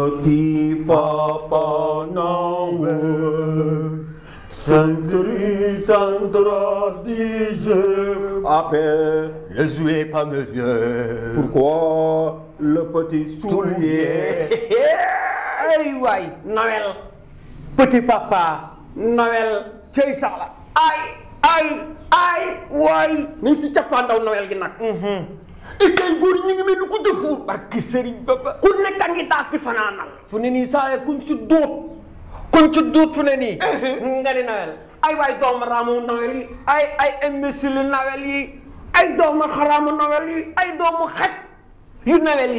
Petit papa nawe Santri Sandra disait appel. le jouet pas mes yeux, Pourquoi le petit soulier Aïe aïe Noël Petit papa Noël Cey Aïe la Aïe ay ay si tu as pas dans Noël et seen góor ñu ngi ku jëfuur barki sëriñ Bamba ku nekk a ngi taas di fanaanal fu ne nii saa kuñ si duut kuñ si duut fu ne nii nga di nawel ay waay doomu raamu nawel yi ay ay imbécile nawel yi ay doomu xaraamu nawel yi ay yu nawel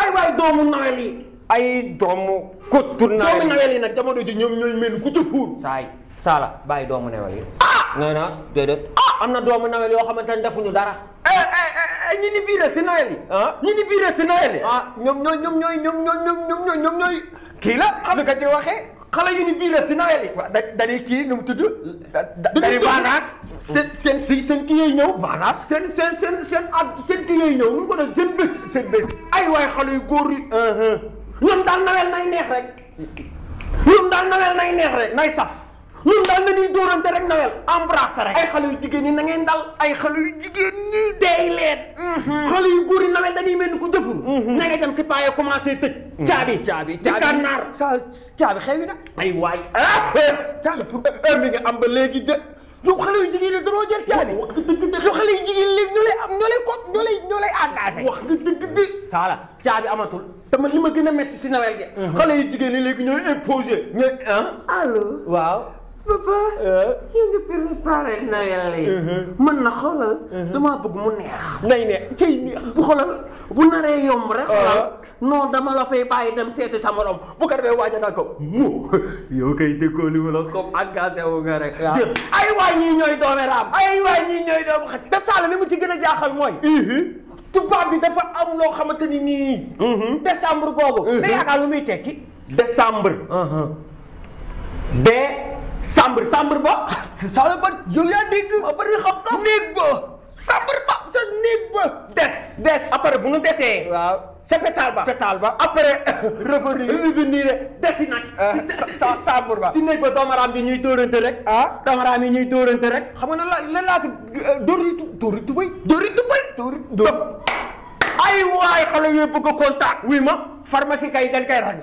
ay waay doomu nawel ay doomu kottu nawel yi doomu nawel yi nag jamono ji ñoom ñooy mel saala bàyyi doomu nawel ah! ah, ah, na déedéet doomu nawel yoo xamante ne defuñu dara eh, eh, ay ñi ni biiree si Noël yi. ah ñi ni biiree si Noël yi. ah ñoom ñooy ñoom ñooy ñoom ñooy ñoom ñooy. kii la xam nga ci waxee. xale yu ni biiree si Noël yi. waaw da dañuy kii nu mu tudd. da dañuy vacances. seen seen seen kii yooyu ñëw. vacances seen seen seen seen at seen kii yooyu ñëw nu mu ko def seen bés. seen bés ay waay xale yu góor yi. Uh-huh. ñoom daal Noël nay neex rek. ñoom daal Noël nay neex rek nay saf. ñun daal nañuy dóorante rek Noël embrasse rek ay xale yu jigéen ñi na ngeen dal ay xale yu jigéen ñi dee Mm-hmm. na nga dem si paa yi commencé tëj. Mm-hmm. caabi caabi caabi naar caabi xewi na. ay waay ah. caabi pour mi nga am ba léegi de. yow xale yu jigéen ñi dañoo jël caabi. wax nga dëgg de yow xale yu jigéen ñi ñoo lay am ñoo lay ko ñoo lay ñoo lay engagé. wax nga dëgg de. saala caabi amatul. te man li ma gën a métti si nawet gi. Mm-hmm. xale yu jigéen ñi léegi ñooy imposé. ñu ah allo waaw. papa yow nga préparé Noël yi mën na xoolal dama bëgg mu neex nay neex cay neex bu xoolal eh? bu naree yomb rek xoolal non dama la fay bàyyi dem seeti sa morom bu ko defee waaja naa ko mu yow kay déggoo li la comme engagé wu nga rek ay waay ñii ñooy doome raam ay waay ñii ñooy doomu xat te Sall li mu ci gën a jaaxal mooy tubaab bi dafa am loo xamante ni décembre googu da yaakaar lu muy tekki décembre de sambre sambre ba sambre ba yow yaa dégg ma bëri xam-xam néeg ba sambre ba sa néeg ba des des après bu nu desee waaw sa pétale ba pétale ba après revenir revenir desi nag sa sambre ba si néeg ba doomaraam yi ñuy dóorante rek ah doomaraam yi ñuy dóorante rek xam nga la la laa ko eh, dóori dóori tubay dóori tubay dóori dóor ay waay xale yooyu bëgg a contact wi ma pharmacie kay dañ koy rang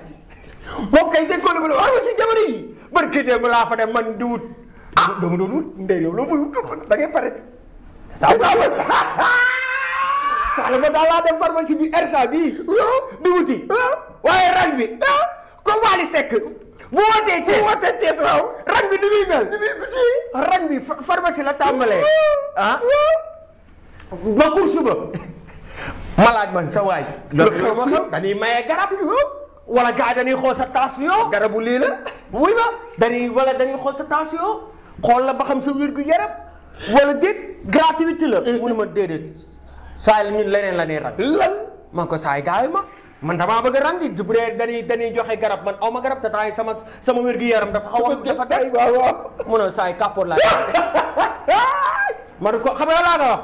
moom kay dañ ko la pharmacie jamono yi pergi dia laa iya. iya. iya. fa dem eh. man duut ah dama doon wut ndey loolu muy wut da ngay pare saaba saala ma daal laa dem pharmacie bi RSA bi di wuti waaye rang bi comme Wally Seck bu wootee Thiès bu wootee Thiès waaw rang bi ni muy mel ni ah ba course ba malaaj man sa waay dañuy ini garab wala gaa dañuy xool sa tension garabu lii la wuy ma dañuy wala dañuy xool sa tension xool la ba xam sa wér gu yaram wala déet gratuité la. Eh. mënu ma déedéet saa yi ñun la ñuy ràññ. lan ko saa yi gaaw ma man damaa bëgg a ràññi bu dee joxe garab man ma garab te temps yi sama sama wér gu yaram dafa xaw a dafa des. waaw waaw munoon saa yi ko xam nga laa ko wax.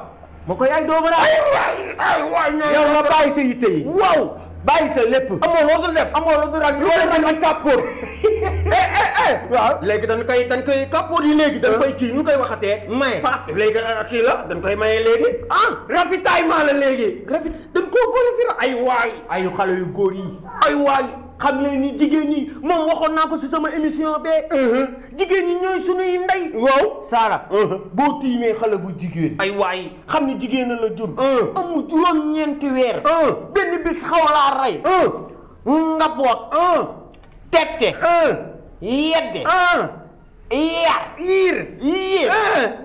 ma ko yaay doomu naa. aywaay yow nga bàyyi sa yitte yi. waaw bàyyi sa lépp. amoo loo def amoo loo dul def. lu dul def ak Eh, eh, eh, waaw léegi dañ koy dañ koy kappoor yi léegi dañ koy kii ñu koy waxatee maye parce léegi euh, kii la dañ koy maye léegi ah ravitaillement la léegi rafit dañ koo boole fi ay waay ay xale yu góor yi ay waay xam leen ni jigéen ñi moom waxoon naa ko si sama émission bee uh-huh. jigéen ñi ñooy suñuy ndey waaw Sara uh-huh. boo tiimee xale bu jigéen ay waay xam ni jigéen la la jur uh-huh. amu juróom ñeenti weer benn bis xaw laa rey nga boot tette yedde yaa yiir yiir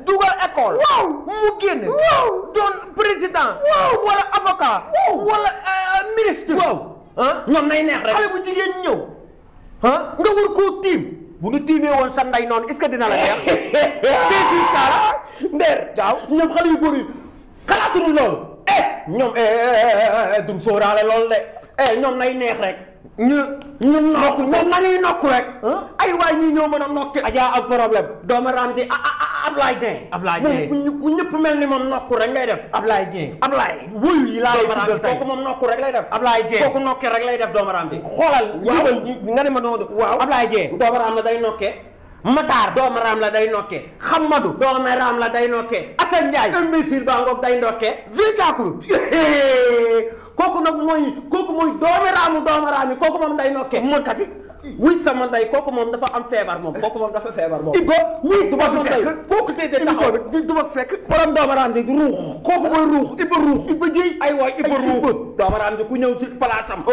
dugal école waaw mu génn waaw doon président wala avocat wala ministre waaw ñoom ñëw nga war koo tiim bu nu tiimee woon sa ndey noonu est-ce que dina la neex dési saala ndeer waaw ñoom xale yu bëri xalaatuñu loolu eh ñoom dum sóoraale loolu de eh ñoom nay neex rek ñu ñu nokk moom ma nuy nokk rek ay waay ñii ñoo mën a nokki ajaa ab problème dooma raam ci Ablaye Dieng Ablaye Dieng ku ñëpp mel ni moom nokku rek ngay def Ablaye Dieng Ablaye wuyu yi laa dooma raam kooku moom nokku rek lay def Ablaye Dieng kooku nokki rek lay def dooma raam bi xoolal jubal nga ne ma dooma waaw Ablaye Dieng dooma raam la day nokkee Matar dooma raam la day nokkee Xamadu dooma raam la day nokkee Assane Ndiaye imbécile baa ngoog day nokkee Vita Club kooku nag mooy kooku mooy doomeraami doomeraami kooku moom day nokkee mu kati wuy sama ndey kooku moom dafa am feebar moom kooku moom feebar moom Ibba wuy du ma fi fekk kooku tey de taxaw bi du ma fekk borom doomaraam di ruux kooku mooy ruux Ibba ruux Ibba jiy ku ñëw ci place am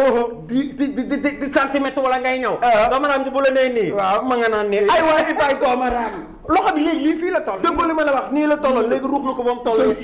di di di di di centimètre wala ngay ñëw ah. doomaraam ji bu la nee ma naan nii ay waay Ibba ay doomaraam loxo bi léegi lii la ma la wax nii la toll léegi ruux na ko moom toll